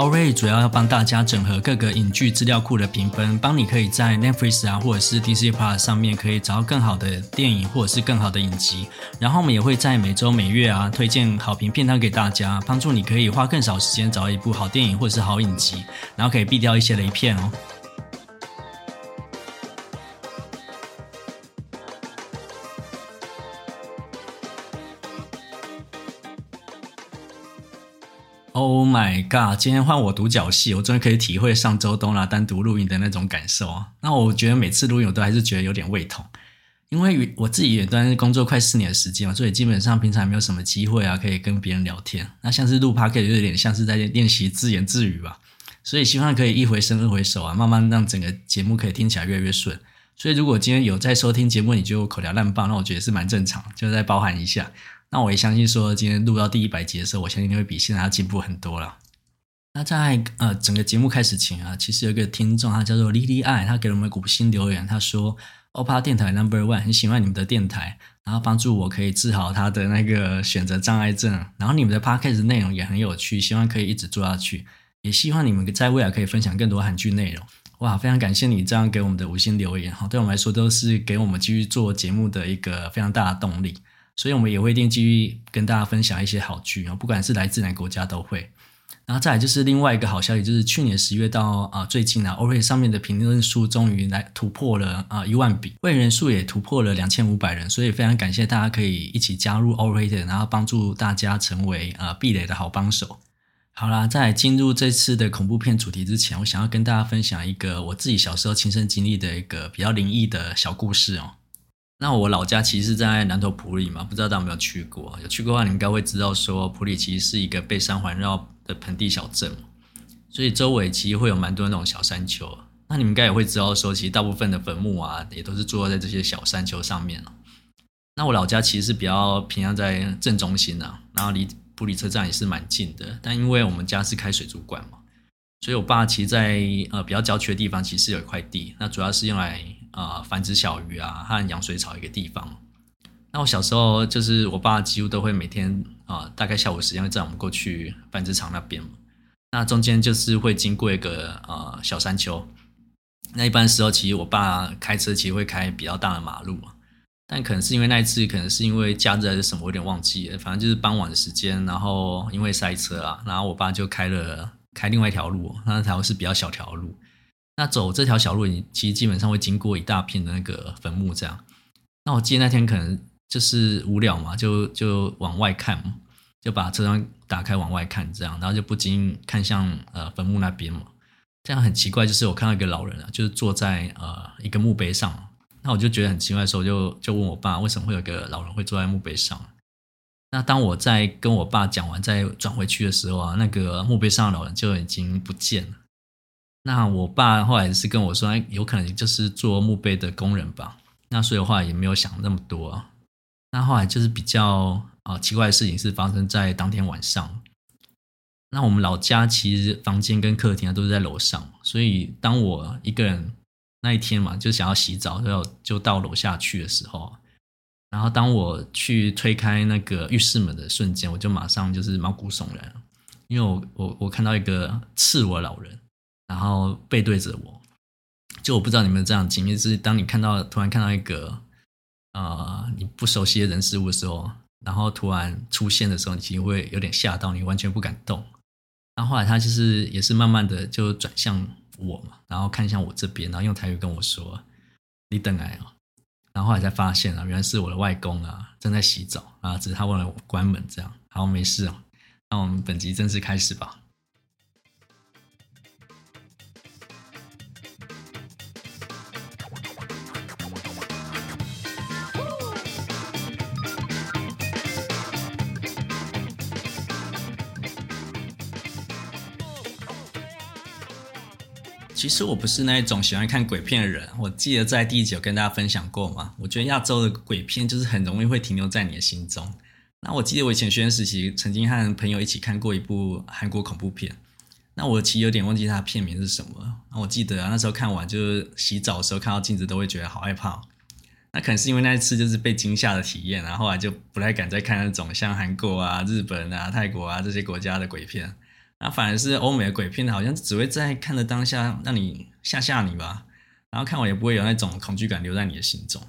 awwrated 主要要幫大家整合各個影劇資料庫的評分，幫你可以在 Netflix 啊，或者是 Disney+ 上面可以找到更好的電影或者是更好的影集。然後我們也會在每周每月啊，推薦好評片單給大家，幫助你可以花更少時間找一部好電影或者是好影集，然後可以避掉一些雷片哦。Oh my god！今天換我獨角戲，我終於可以體會上周東啦、啊、單獨錄音的那種感受啊。那我覺得每次錄音我都還是覺得有點胃痛，因為我自己也在工作快四年的時間嘛，所以基本上平常沒有什麼機會啊，可以跟別人聊天。那像是錄 p 可以就有點像是在練習自言自語吧。所以希望可以一回生二回熟，啊，慢慢讓整個節目可以聽起來越來越順。所以如果今天有在收聽節目，你就口條爛棒，那我覺得是蠻正常，就再包含一下。那我也相信，說今天錄到第一百集的時候，我相信你會比現在要進步很多了。那在呃整個節目開始前啊，其實有一個聽眾，他叫做莉莉愛，他給了我們五星留言，他說：“OPA 電台 Number One，很喜歡你們的電台，然後幫助我可以治好他的那個選擇障礙症，然後你們的 Podcast 內容也很有趣，希望可以一直做下去，也希望你們在未來可以分享更多韓劇內容。”哇，非常感謝你這樣給我們的五星留言，好，對我們來說都是給我們繼續做節目的一個非常大的動力。所以，我們也會一定繼續跟大家分享一些好劇哦，不管是來自哪個國家都會。然後再來就是另外一個好消息，就是去年十月到啊最近呢、啊、，awwrated 上面的評論數終於來突破了啊一萬筆，會員人數也突破了兩千五百人。所以非常感謝大家可以一起加入 awwrated，然後幫助大家成為啊避雷的好幫手。好啦，在進入這次的恐怖片主題之前，我想要跟大家分享一個我自己小時候親身經歷的一個比較靈異的小故事哦。那我老家其實是在南投埔里嘛，不知道大家有沒有去過？有去過的話，你應該會知道說，埔里其實是一個被山環繞的盆地小鎮，所以周圍其實會有蠻多那種小山丘。那你們應該也會知道說，其實大部分的墳墓啊，也都是坐落在這些小山丘上面。那我老家其實是比較平常在正中心的，啊，然後離埔里車站也是蠻近的。但因為我們家是開水族館嘛。所以，我爸其實在呃比較郊區的地方，其實有一塊地，那主要是用來啊、呃、繁殖小魚啊、和養水草一個地方。那我小時候就是我爸幾乎都會每天啊、呃、大概下午時間會載我們過去繁殖場那邊嘛。那中間就是會經過一個啊、呃、小山丘。那一般時候其實我爸開車其實會開比較大的馬路，但可能是因為那一次可能是因為假日還是什麼，我有點忘記了。反正就是傍晚的時間，然後因為塞車啊，然後我爸就開了。開另外一條路，那條是比較小條的路。那走這條小路，你其實基本上會經過一大片的那個墳墓這樣。那我記得那天可能就是無聊嘛，就就往外看，就把車窗打開往外看這樣，然後就不禁看向呃墳墓那邊嘛。這樣很奇怪，就是我看到一個老人啊，就是坐在呃一個墓碑上。那我就覺得很奇怪的時候，所以就就問我爸，為什麼會有個老人會坐在墓碑上？那當我在跟我爸講完，再轉回去的時候啊，那個墓碑上的老人就已經不見了。那我爸後來是跟我說，哎，有可能就是做墓碑的工人吧。那所以的話也沒有想那麼多啊。那後來就是比較啊奇怪的事情是發生在當天晚上。那我們老家其實房間跟客廳啊都是在樓上，所以當我一個人那一天嘛，就想要洗澡，要就到樓下去的時候啊。然後，當我去推開那個浴室門的瞬間，我就馬上就是毛骨悚然，因為我我我看到一個赤裸老人，然後背對着我，就我不知道你們這樣的經歷，就是當你看到突然看到一個呃你不熟悉的人事物的時候，然後突然出現的時候，你其實會有點嚇到，你完全不敢動。然後後來他就是也是慢慢的就轉向我嘛，然後看向我這邊，然後用台語跟我說：“你等來哦。”然後後來才發現啊，原來是我的外公啊，正在洗澡啊，只是他忘了我關門，這樣，好沒事啊，那我們本集正式開始吧。其實我不是那一種喜歡看鬼片的人。我記得在第一集有跟大家分享過嘛，我覺得亞洲的鬼片就是很容易會停留在你的心中。那我記得我以前學生時期曾經和朋友一起看過一部韓國恐怖片，那我其實有點忘記它的片名是什麼。那我記得啊，那時候看完就是洗澡的時候看到鏡子都會覺得好害怕。那可能是因為那一次就是被驚嚇的體驗，然後後來就不太敢再看那種像韓國啊、日本啊、泰國啊這些國家的鬼片。那反而是歐美的鬼片，好像只會在看的當下讓你嚇嚇你吧，然後看完也不會有那種恐懼感留在你的心中。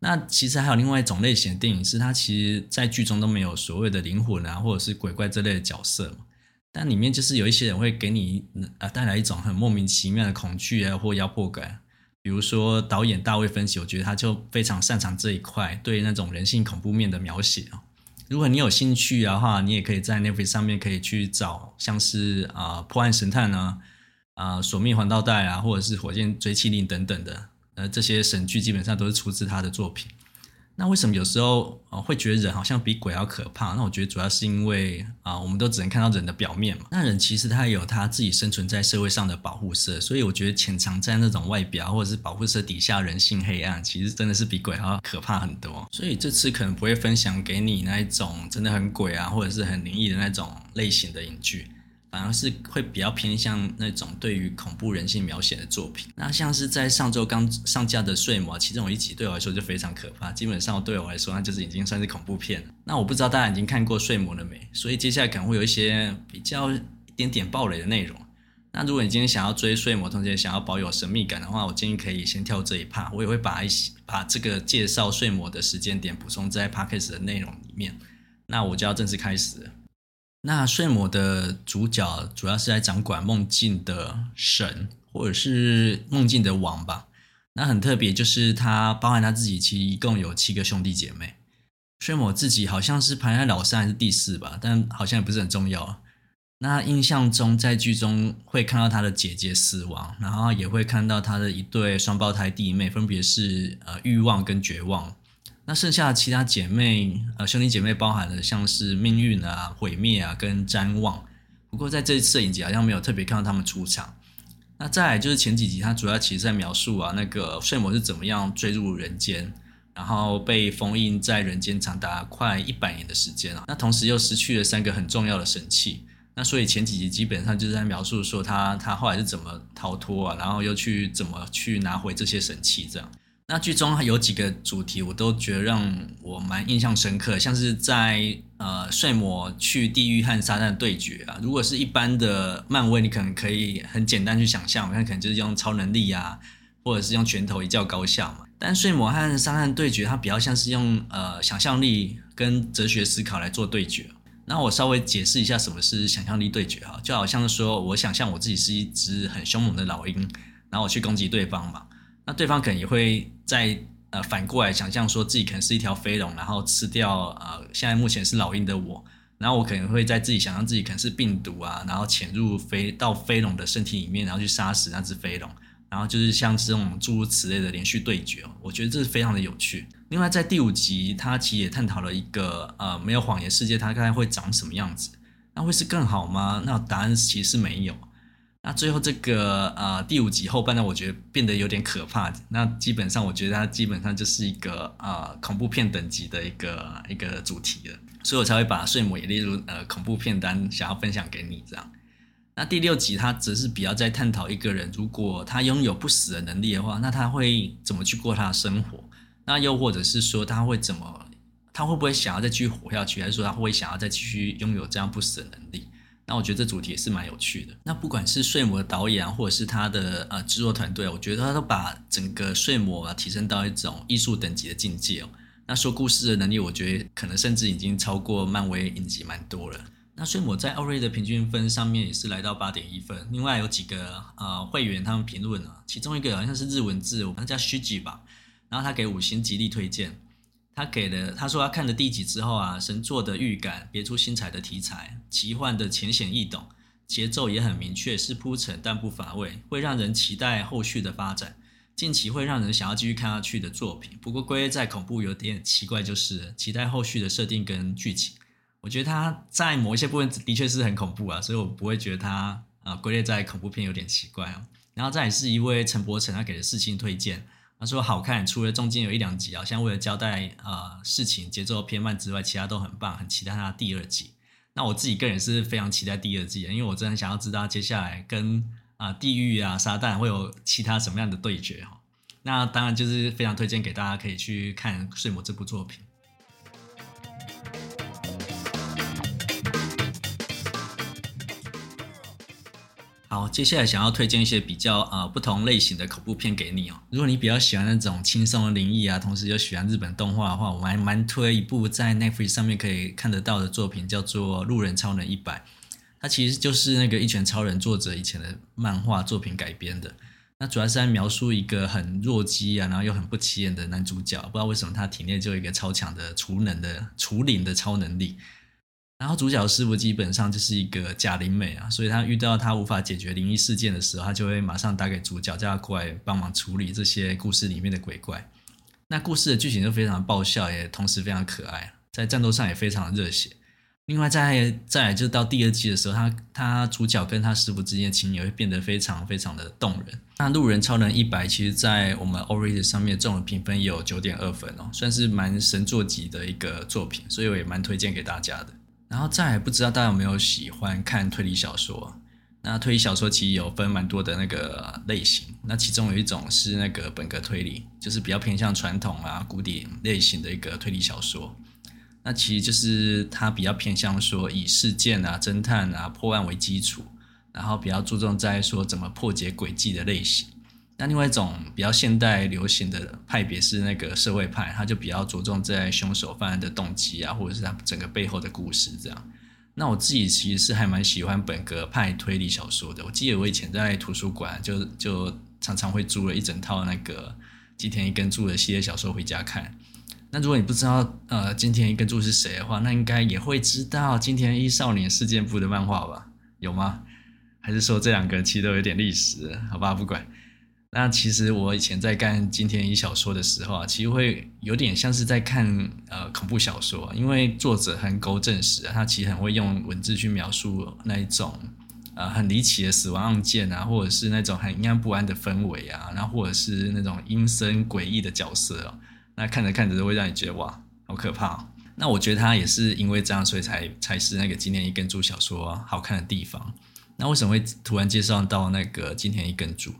那其實還有另外一種類型的電影，是它其實在劇中都沒有所謂的靈魂啊，或者是鬼怪這類的角色，但裡面就是有一些人會給你啊帶來一種很莫名其妙的恐懼啊或壓迫感。比如說導演大衛芬奇，我覺得他就非常擅長這一塊，對那種人性恐怖面的描寫啊。如果你有興趣的話，你也可以在 Netflix 上面可以去找，像是啊、呃、破案神探啊、啊、呃、索命黃道帶啊，或者是火線追緝令等等的，呃，這些神劇基本上都是出自他的作品。那為什麼有時候啊會覺得人好像比鬼要可怕？那我覺得主要是因為啊，我們都只能看到人的表面嘛。那人其實他有他自己生存在社會上的保護色，所以我覺得潛藏在那種外表或者是保護色底下人性黑暗，其實真的是比鬼還要可怕很多。所以這次可能不會分享給你那一種真的很鬼啊或者是很靈異的那種類型的影劇。反而是會比較偏向那種對於恐怖人性描寫的作品。那像是在上周剛上架的《睡魔》，其中一集對我來說就非常可怕，基本上對我來說那就是已經算是恐怖片。那我不知道大家已經看過《睡魔》了沒？所以接下來可能會有一些比較一點點暴雷的內容。那如果你今天想要追《睡魔》，同時也想要保有神秘感的話，我建議可以先跳這一趴。我也會把一把這個介紹《睡魔》的時間點補充在 podcast 的內容裡面。那我就要正式開始了。那睡魔的主角主要是來掌管夢境的神，或者是夢境的王吧。那很特別，就是他包含他自己，其實一共有七個兄弟姐妹。睡魔自己好像是排在老三還是第四吧，但好像也不是很重要。那印象中，在劇中會看到他的姐姐死亡，然後也會看到他的一對雙胞胎弟妹，分別是呃慾望跟絕望。那剩下的其他姐妹，呃，兄弟姐妹包含了像是命運啊、毀滅啊跟瞻望，不過在這次影集好像沒有特別看到他們出場。那再來就是前幾集，它主要其實在描述啊，那個睡魔是怎麼樣墜入人間，然後被封印在人間長達快一百年的時間啊。那同時又失去了三個很重要的神器，那所以前幾集基本上就是在描述說他他後來是怎麼逃脫啊，然後又去怎麼去拿回這些神器這樣。那劇中有幾個主題，我都覺得讓我蠻印象深刻，像是在呃，睡魔去地獄和撒旦對決啊。如果是一般的漫威，你可能可以很簡單去想象，那可能就是用超能力啊，或者是用拳頭一較高下嘛。但睡魔和撒旦對決，它比較像是用呃想象力跟哲學思考來做對決。那我稍微解釋一下什麼是想象力對決啊，就好像是說我想象我自己是一只很凶猛的老鷹，然後我去攻擊對方嘛。那對方可能也會在呃反過來想象說自己可能是一條飛龍，然後吃掉呃現在目前是老鷹的我，然後我可能會在自己想象自己可能是病毒啊，然後潛入飛到飛龍的身體裡面，然後去殺死那隻飛龍，然後就是像這種諸如此類的連續對決，我覺得這是非常的有趣。另外在第五集，它其實也探討了一個呃沒有謊言世界它大概會長什麼樣子，那會是更好嗎？那答案其實是沒有。那最後這個呃第五集後半呢，我覺得變得有點可怕。那基本上我覺得它基本上就是一個呃恐怖片等級的一個一個主題了，所以我才會把《睡魔》也列入呃恐怖片單，想要分享給你這樣。那第六集它則是比較在探討一個人如果他擁有不死的能力的話，那他會怎麼去過他的生活？那又或者是說他會怎麼？他會不會想要再繼續活下去？還是說他會想要再繼續擁有這樣不死的能力？那我覺得這主題也是蠻有趣的。那不管是睡魔的導演啊，或者是他的呃製作團隊，我覺得他都把整個睡魔啊提升到一種藝術等級的境界哦。那說故事的能力，我覺得可能甚至已經超過漫威影集蠻多了。那睡魔在奧瑞的平均分上面也是來到八點一分。另外有幾個呃會員他們評論啊，其中一個好像是日文字，我好像叫徐吉吧，然後他給五星極力推薦。他給了他說他看了第幾之後啊，神作的預感，別出心裁的題材，奇幻的淺顯易懂，節奏也很明確，是鋪陳但不乏味，會讓人期待後續的發展，近期會讓人想要繼續看下去的作品。不過歸類在恐怖有點奇怪，就是了，期待後續的設定跟劇情。我覺得他在某一些部分的確是很恐怖啊，所以我不會覺得他啊歸類在恐怖片有點奇怪哦。然後再也是一位陳柏成，他給的四星推薦。他說好看，除了中間有一兩集啊，現在為了交代呃事情節奏偏慢之外，其他都很棒，很期待他的第二季。那我自己個人是非常期待第二季的，因為我真的很想要知道接下來跟、呃、地啊地獄啊撒旦會有其他什麼樣的對決哈。那當然就是非常推薦給大家可以去看《睡魔》這部作品。好，接下來想要推薦一些比較、呃、不同類型的恐怖片給你哦。如果你比較喜歡那種輕鬆的靈異啊，同時又喜歡日本動畫的話，我們還蠻推一部在 Netflix 上面可以看得到的作品，叫做《路人超能100》。它其實就是那個《一拳超人》作者以前的漫畫作品改編的。那主要是在描述一個很弱雞啊，然後又很不起眼的男主角，不知道為什麼他體內就有一個超強的除能的除靈的超能力。然後主角師傅基本上就是一個假靈媒啊，所以他遇到他無法解決靈異事件的時候，他就會馬上打給主角，叫他過來幫忙處理這些故事裡面的鬼怪。那故事的劇情就非常的爆笑，也同時非常可愛，在戰鬥上也非常的熱血。另外再在來就到第二季的時候，他他主角跟他師傅之間的情誼會變得非常非常的動人。那路人超能100，其實，在我們 awwrated 上面總評分也有九點二分哦，算是蠻神作級的一個作品，所以我也蠻推薦給大家的。然後再也不知道大家有沒有喜歡看推理小說？那推理小說其實有分蠻多的那個類型，那其中有一種是那個本格推理，就是比較偏向傳統啊、古典類型的一個推理小說。那其實就是它比較偏向說以事件啊、偵探啊破案為基礎，然後比較注重在說怎麼破解詭計的類型。但另外一種比較現代流行的派別是那個社會派，他就比較着重在凶手犯案的動機啊，或者是他整個背後的故事這樣。那我自己其實是還蠻喜歡本格派推理小說的。我記得我以前在圖書館就就常常會租了一整套那個金田一耕助的系列小說回家看。那如果你不知道呃金田一耕助是誰的話，那應該也會知道《金田一少年事件簿》的漫畫吧？有嗎？還是說這兩個其實都有點歷史？好吧，不管。那其實我以前在看《金田一小說》的時候啊，其實會有點像是在看呃恐怖小說，因為作者橫溝正史啊，他其實很會用文字去描述那一種呃很離奇的死亡案件啊，或者是那種很陰暗不安的氛圍啊，然後或者是那種陰森詭異的角色啊，那看着看着，都會讓你覺得哇，好可怕啊。那我覺得他也是因為這樣，所以才才是那個《金田一耕助》小說好看的地方。那為什麼會突然介紹到那個《金田一耕助》？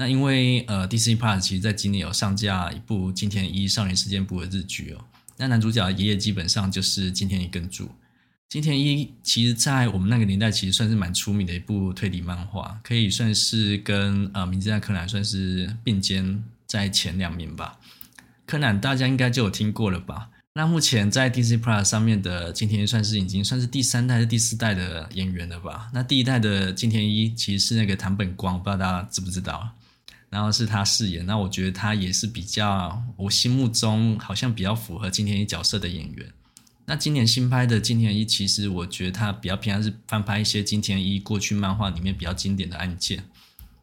那因為呃，DC Plus 其實在今年有上架一部金田一少年事件簿的日劇哦。那男主角爺爺基本上就是金田一耕助。金田一其實在我們那個年代其實算是蠻出名的一部推理漫畫，可以算是跟呃名偵探柯南算是併肩在前兩名吧。柯南大家應該就有聽過了吧？那目前在 DC Plus 上面的金田一算是已經算是第三代還是第四代的演員了吧？那第一代的金田一其實是那個堂本剛，不知道大家知不知道？然後是他飾演，那我覺得他也是比較我心目中好像比較符合金田一角色的演員。那今年新拍的金田一，其實我覺得他比較偏向是翻拍一些金田一過去漫畫裡面比較經典的案件。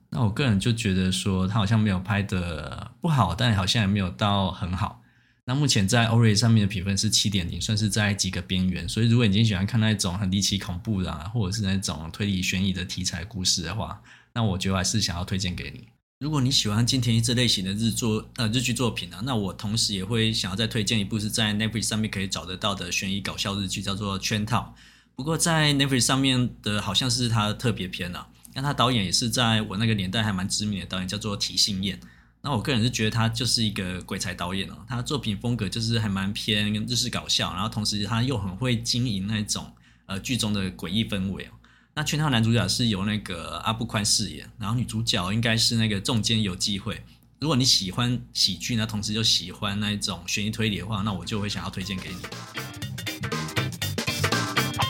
那我個人就覺得說，他好像沒有拍的不好，但好像也沒有到很好。那目前在 awwrated 上面的評分是七點零，算是在及格邊緣。所以如果你喜歡看那種很離奇恐怖的、啊，或者是那種推理懸疑的題材故事的話，那我覺得我還是想要推薦給你。如果你喜歡金田一這類型的日作呃日劇作品呢、啊，那我同時也會想要再推薦一部是在 Netflix 上面可以找得到的懸疑搞笑日劇，叫做《圈套》。不過在 Netflix 上面的好像是他的特別篇啊，那他導演也是在我那個年代還蠻知名的導演，叫做堤幸彥。那我個人是覺得他就是一個鬼才導演哦、啊，他的作品風格就是還蠻偏日式搞笑，然後同時他又很會經營那種呃劇中的詭異氛圍哦、啊。那《圈套》男主角是由那個阿部寬飾演，然後女主角應該是那個仲間由紀惠。如果你喜歡喜劇，那同時又喜歡那一種懸疑推理的話，那我就會想要推薦給你。嗯、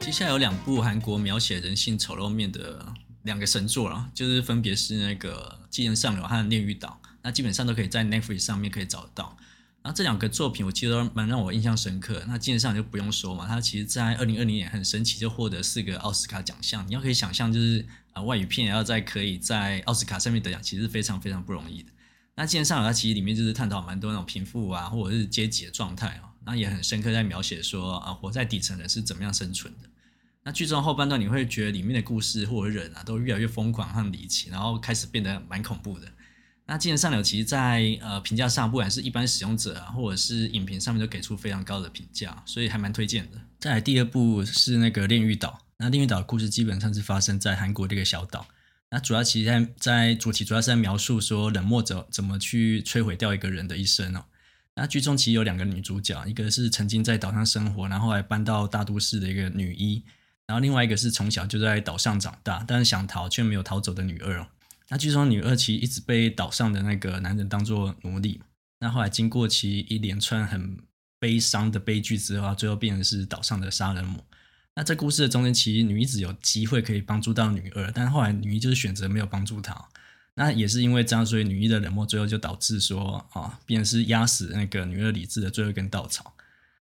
接下來有兩部韓國描寫人性醜陋面的兩個神作了，就是分別是那個《寄生上流》和《煉獄島》，那基本上都可以在 Netflix 上面可以找到。然後、啊、這兩個作品我其實都蠻讓我印象深刻。那《寄生上流》就不用說嘛，它其實在二零二零年很神奇就獲得四個奧斯卡獎項。你要可以想象，就是啊、呃、外語片也要在可以在奧斯卡上面得獎，其實是非常非常不容易的。那《寄生上流》它其實裡面就是探討蠻多那種貧富啊，或者是階級的狀態哦。那也很深刻在描寫說啊、呃、活在底層的人是怎麼樣生存的。那劇中後半段你會覺得裡面的故事或者人啊都越來越瘋狂和離奇，然後開始變得蠻恐怖的。那寄生上流其實在呃評價上，不管是一般使用者啊，或者是影評上面都給出非常高的評價，所以還蠻推薦的。再來第二部是那個《煉獄島》。那《煉獄島》的故事基本上是發生在韓國的一個小島。那主要其實在在，在主題主要是在描述說冷漠者怎麼去摧毀掉一個人的一生哦。那劇中其實有兩個女主角，一個是曾經在島上生活，然後還搬到大都市的一個女一，然後另外一個是從小就在島上長大，但是想逃卻沒有逃走的女二哦。那據說女二其實一直被島上的那個男人當作奴隸，那後來經過其一連串很悲傷的悲劇之後，最後變成是島上的殺人魔。那在故事的中間，其實女一直有機會可以幫助到女二，但後來女一就是選擇沒有幫助她。那也是因為這樣，所以女一的冷漠最後就導致說啊，變成是壓死那個女二理智的最後一根稻草。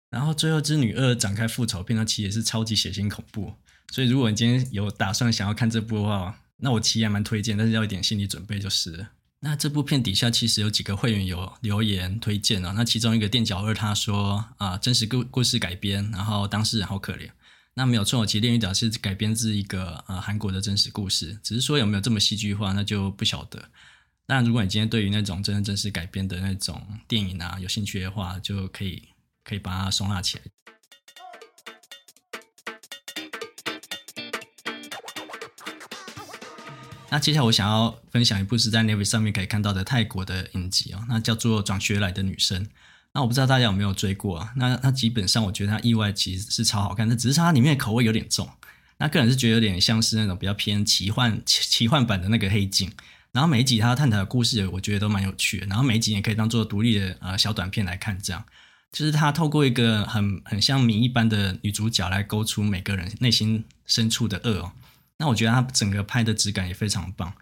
然後最後是女二展開復仇，變成其實也是超級血腥恐怖。所以如果你今天有打算想要看這部的話，那我其實還蠻推薦，但是要一點心理準備，就是，那這部片底下其實有幾個會員有留言推薦、哦、那其中一個墊腳二他說啊、呃，真實故故事改編，然後當事人好可憐。那沒有錯，其實《煉獄島》是改編自一個呃韓國的真實故事，只是說有沒有這麼戲劇化，那就不曉得。那如果你今天對於那種真真實改編的那種電影啊有興趣的話，就可以可以把它收納起來。那接下來我想要分享一部是在 Netflix 上面可以看到的泰國的影集哦，那叫做轉學來的女生。那我不知道大家有沒有追過啊？那那基本上我覺得它意外其實是超好看，那只是它裡面的口味有點重。那個人是覺得有點像是那種比較偏奇幻、奇，奇幻版的那個黑鏡。然後每一集它探討的故事，我覺得都蠻有趣的。然後每一集也可以當做獨立的呃小短片來看，這樣就是它透過一個很很像謎一般的女主角來勾出每個人內心深處的惡哦。那我覺得它整個拍的質感也非常棒。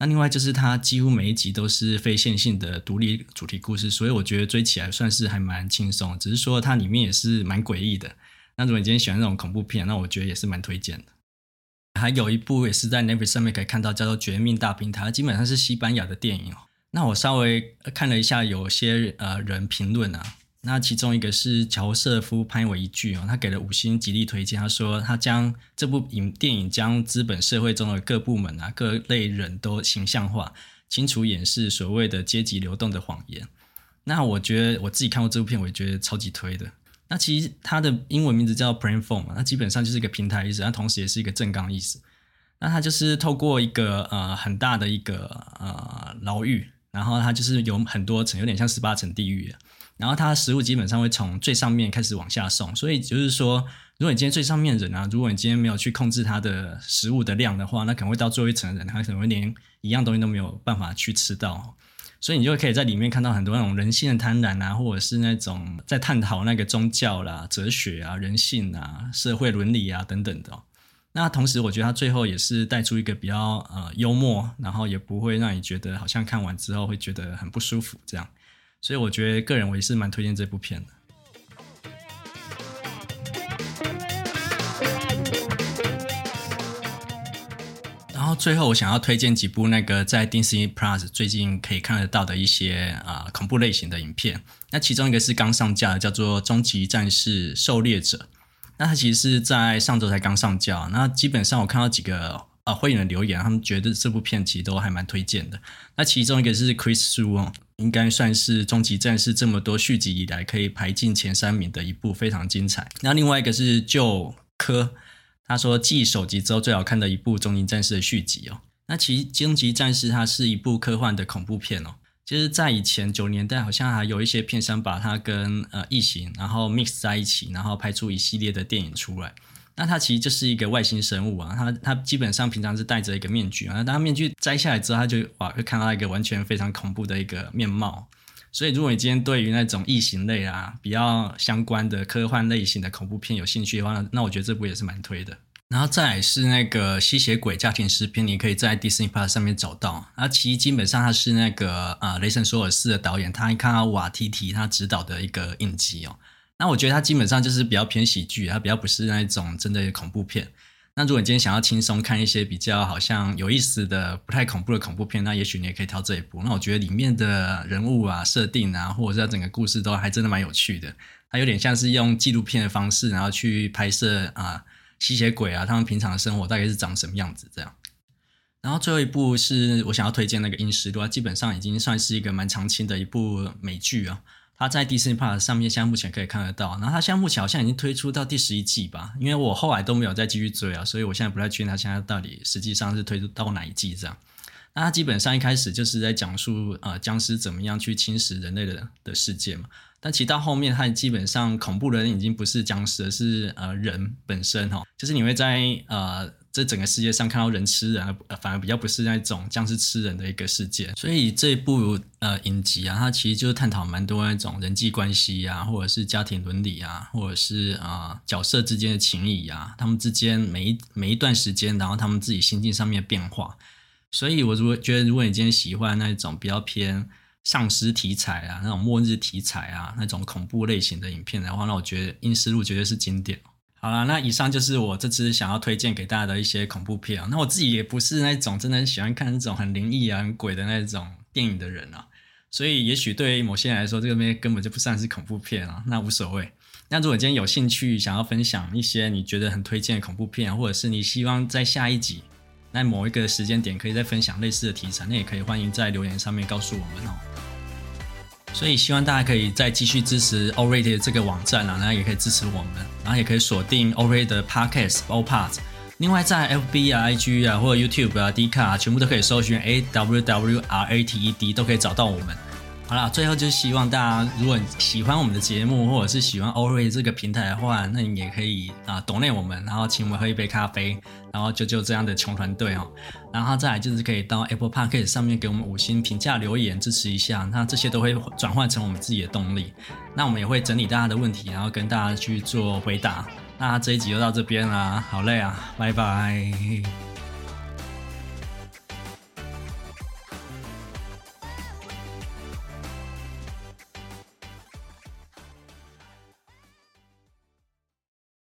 那另外就是它幾乎每一集都是非線性的獨立主題故事，所以我覺得追起來算是還蠻輕鬆。只是說它裡面也是蠻詭異的。那如果你今天喜歡這種恐怖片，那我覺得也是蠻推薦的。還有一部也是在 Netflix 上面可以看到，叫做《絕命大平台》，基本上是西班牙的電影哦。那我稍微看了一下，有些呃人評論啊。那其中一個是喬瑟夫潘維一句哦，他給了五星極力推薦。他說他將這部影電影將資本社會中的各部門啊、各類人都形象化，清楚演示所謂的階級流動的謊言。那我覺得我自己看過這部片，我也覺得超級推的。那其實它的英文名字叫 Platform，那基本上就是一個平台意思，那同時也是一個正剛意思。那它就是透過一個呃很大的一個呃牢獄，然後它就是有很多層，有點像十八層地獄啊。然後它食物基本上會從最上面開始往下送，所以就是說，如果你今天最上面的人啊，如果你今天沒有去控制它的食物的量的話，那可能會到最後一層的人，他可能會連一樣東西都沒有辦法去吃到。所以你就可以在裡面看到很多那種人性的貪婪啊，或者是那種在探討那個宗教啦、哲學啊、人性啊、社會倫理啊等等的。那同時，我覺得它最後也是帶出一個比較呃幽默，然後也不會讓你覺得好像看完之後會覺得很不舒服這樣。所以我覺得個人我也是蠻推薦這部片的。然後最後我想要推薦幾部那個在 Disney Plus 最近可以看得到的一些啊恐怖類型的影片。那其中一個是剛上架的，叫做《終極戰士狩獵者》。那它其實是在上周才剛上架。那基本上我看到幾個啊會員的留言，他們覺得這部片其實都還蠻推薦的。那其中一個是 Chris z h u a 應該算是《終極戰士》這麼多續集以來可以排進前三名的一部非常精彩。那另外一個是舊科，他說繼首集之後最好看的一部《終極戰士》的續集哦。那其實《終極戰士》它是一部科幻的恐怖片哦，其實在以前90年代好像還有一些片商把它跟呃異形然後 mix 在一起，然後拍出一系列的電影出來。那他其實就是一個外星生物啊，他基本上平常是戴着一個面具啊，當他面具摘下來之後，他就哇會看到一個完全非常恐怖的一個面貌。所以如果你今天對於那種異形類啊比較相關的科幻類型的恐怖片有興趣的話，那,那我覺得這部也是蠻推的。然後再來是那個吸血鬼家庭屍篇，你可以在 Disney Plus 上面找到。啊，其實基本上他是那個啊、呃、雷神索爾四的導演，他看到瓦提提他執導的一個影集哦。那我覺得它基本上就是比較偏喜劇，啊，它比較不是那一種真的恐怖片。那如果你今天想要輕鬆看一些比較好像有意思的、不太恐怖的恐怖片，那也許你也可以挑這一部。那我覺得裡面的人物啊、設定啊，或者是它整個故事都還真的蠻有趣的。它有點像是用紀錄片的方式，然後去拍攝啊吸血鬼啊他們平常的生活大概是長什麼樣子這樣。然後最後一部是我想要推薦那個《陰屍路》，它基本上已經算是一個蠻長青的一部美劇啊、哦。它在迪士尼 plus 上面，現在目前可以看得到。然後它現在目前好像已經推出到第十一季吧，因為我後來都沒有再繼續追啊，所以我現在不太確定它現在到底實際上是推出到哪一季這樣。那它基本上一開始就是在講述啊、呃、僵屍怎麼樣去侵蝕人類的的世界嘛。但其實到後面，它基本上恐怖的人已經不是僵屍，而是呃人本身哈、哦，就是你會在呃。這整個世界上看到人吃人，呃，反而比較不是那種僵屍吃人的一個世界。所以這部呃影集啊，它其實就是探討蠻多那種人際關係啊，或者是家庭倫理啊，或者是啊、呃、角色之間的情誼啊，他們之間每一每一段時間，然後他們自己心境上面的變化。所以，我如果覺得如果你今天喜歡那種比較偏喪屍題材啊，那種末日題材啊，那種恐怖類型的影片的話，那我覺得《陰屍路》絕對是經典。好啦，那以上就是我這次想要推薦給大家的一些恐怖片啊。那我自己也不是那種真的很喜歡看那種很靈異啊、很鬼的那種電影的人啊，所以也許對於某些人來說，這個東西根本就不算是恐怖片啊，那無所謂。那如果今天有興趣想要分享一些你覺得很推薦的恐怖片，或者是你希望在下一集那某一個時間點可以再分享類似的題材，那也可以歡迎在留言上面告訴我們哦。所以希望大家可以再繼續支持 Already 這個網站啦、啊，然後也可以支持我們，然後也可以鎖定 Already 的 Podcast、All Pods。另外在 FB、啊、IG 啊，或者 YouTube 啊，D 卡啊，全部都可以搜尋 A W W R A T E D，都可以找到我們。好啦，最後就希望大家如果你喜歡我們的節目，或者是喜歡 awwrated 這個平台的話，那你也可以啊，donate 我們，然後請我們喝一杯咖啡，然後救救這樣的窮團隊哦，然後再來就是可以到 Apple Podcast 上面給我們五星評價留言支持一下，那這些都會轉換成我們自己的動力。那我們也會整理大家的問題，然後跟大家去做回答。那這一集就到這邊啦，好累啊，拜拜。